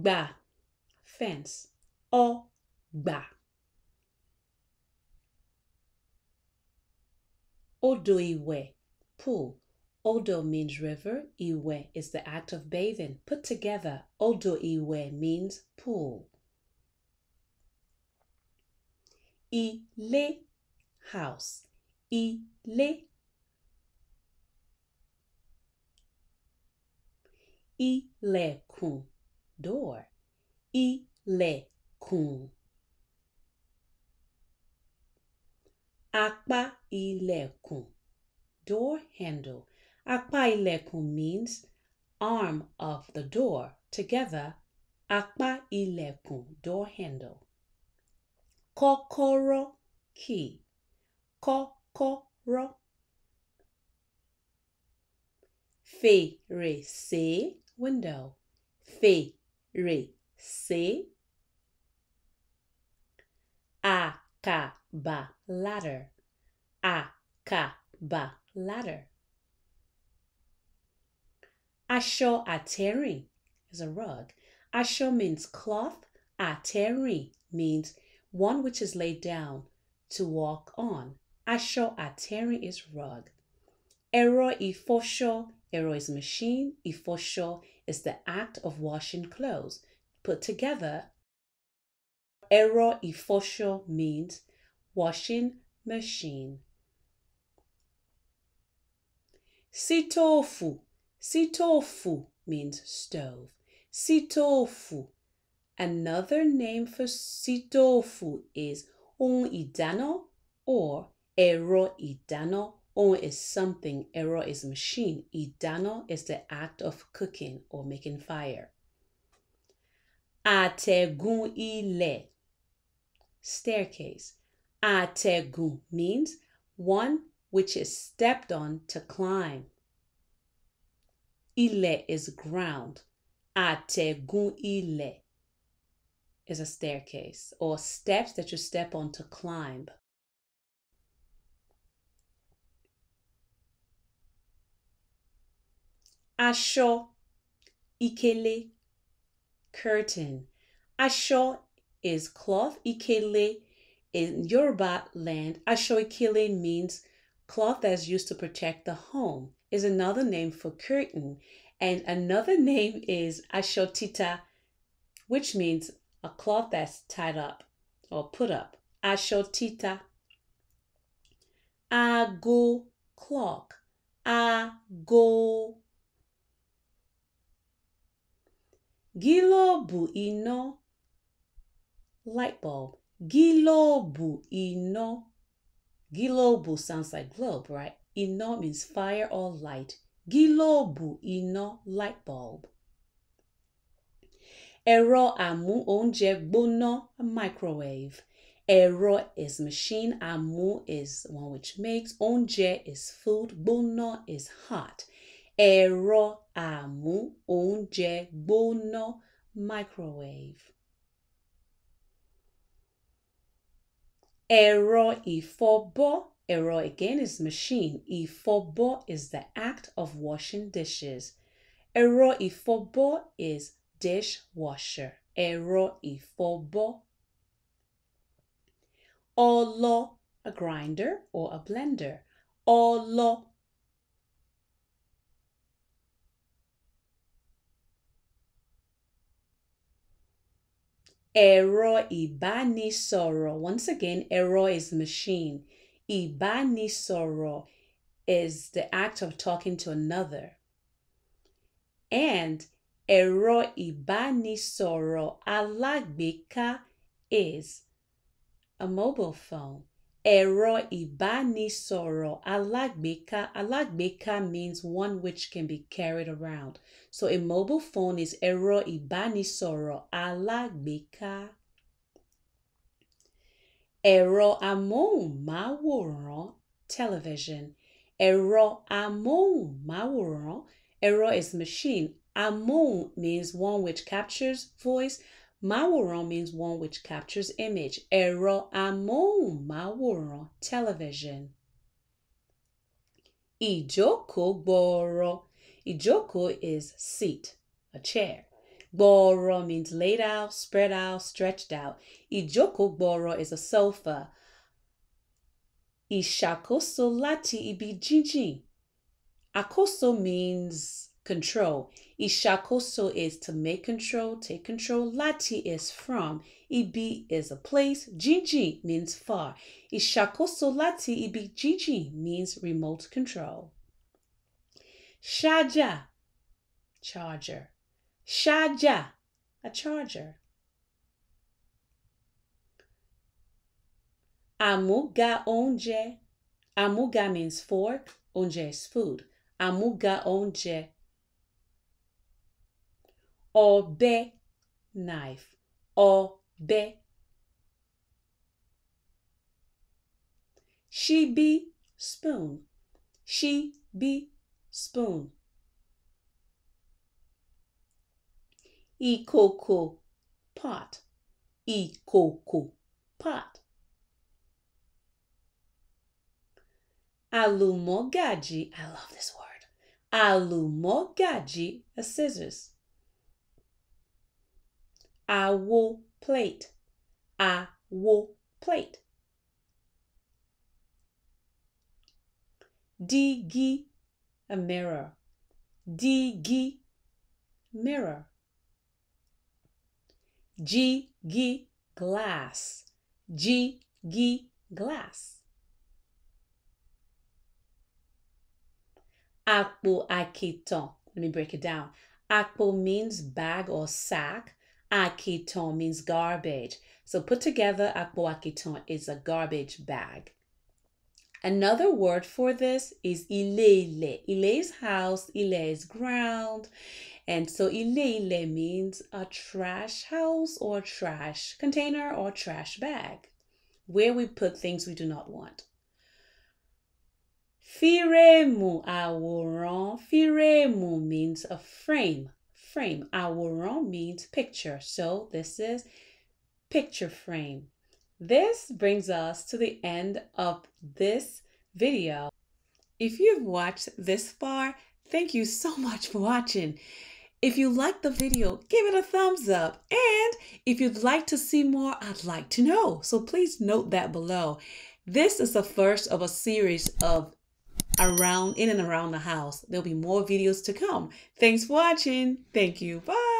Ọgbà fence. Ọgbà. Odò ìwẹ̀ pool. Odò means river. Ìwẹ̀ is the act of bathing. Put together, odò ìwẹ̀ means pool. Ilé house. Ilé ilẹ̀kùn door. Ilẹ̀kùn. Apá ilẹ̀kùn. Door handle. Apá ilẹ̀kùn means arm of the door. Together, apá ilẹ̀kùn, door handle. Kọ́kọ́rọ́ key. Kọ́kọ́rọ́. Fèrèsé window. Fèrèsé ka ba ladder. ba ladder. Aṣọ àtẹ̀rìn is a rug. Asho means cloth. Ateri means one which is laid down to walk on. Asho ateri is rug. Ẹ̀rọ ifosho. Ẹ̀rọ is machine. Ifosho is the act of washing clothes. Put together, ero ifosho means washing machine. Sitofu. Sitofu means stove. Sitofu. Another name for sitofu is un idano or ero idano on is something, error is machine. Idano is the act of cooking or making fire. Ategun ile, staircase. Ategun means one which is stepped on to climb. Ile is ground. Ategun ile is a staircase or steps that you step on to climb. Aṣọ, ikele, curtain. Aṣọ is cloth, ikele in Yoruba land. Aṣọ ikele means cloth that's used to protect the home is another name for curtain and another name is ashotita which means a cloth that's tied up or put up ashotita ago clock ago Gilobu ino light bulb Gilobu ino, Gilobu sounds like globe right Ino means fire or light Gilobu ino light bulb ẹ̀rọ àmú onje gbóná microwave ẹ̀rọ is machine àmú is one which makes Onje is food gbóná is hot ẹ̀rọ àmú oúnjẹ gbóná microwave. ẹ̀rọ ìfọbọ́ ẹ̀rọ again is machine ìfọbọ́ is the act of washing dishes ẹ̀rọ ìfọbọ́ is dishwasher ẹ̀rọ ìfọbọ́. ọlọ a grinder or a blender ọlọ ẹ̀rọ ìbánisọ̀rọ̀ once again ẹ̀rọ is machine ìbánisọ̀rọ̀ is the act of talking to another and ẹ̀rọ ìbánisọ̀rọ̀ alagbika is a mobile phone Ẹ̀rọ ìbánisọ̀rọ̀ alágbèéká. Alágbèéká means one which can be carried around. So a mobile phone is ẹ̀rọ ìbánisọ̀rọ̀ alágbèéká. Ẹ̀rọ amóhùnmáwòrán television. Ẹ̀rọ amóhùnmáwòrán. Ẹ̀rọ is machine. Amóhùn means one which captures voice. Máwòrán means one which captures image. Ẹ̀rọ amóhùnmáwòrán, television. Ijoko boro. Ijoko is seat, a chair. Boro means laid out, spread out, stretched out. Ijoko boro is a sofa. Ishakosolati láti ibi jíjìn. Akoso means control. Ishakoso is to make control, take control. Lati is from. Ibi is a place. Jiji means far. Ishakoso lati ibi jiji means remote control. Shaja, charger. Shaja, a charger. Amuga onje. Amuga means fork. Onje is food. Amuga onje ọbẹ̀ knife ọbẹ̀ be spoon she be spoon ìkòkò pot ìkòkò pot àlùmọ́gàjí I love this word àlùmọ́gàjí a scissors a wo plate. A wo plate. Digi, a mirror. Digi, mirror. Gigi, glass. Gigi, glass. Akpo akitan. Let me break it down. Akpo means bag or sack. Akiton means garbage. So put together, akpo akiton is a garbage bag. Another word for this is ilele. Ile is house, ile is ground. And so ilele means a trash house or trash container or trash bag where we put things we do not want. Firemu aworan. Firemu means a frame frame. Aworon means picture. So this is picture frame. This brings us to the end of this video. If you've watched this far, thank you so much for watching. If you like the video, give it a thumbs up. And if you'd like to see more, I'd like to know. So please note that below. This is the first of a series of around in and around the house. There'll be more videos to come. Thanks for watching. Thank you. Bye.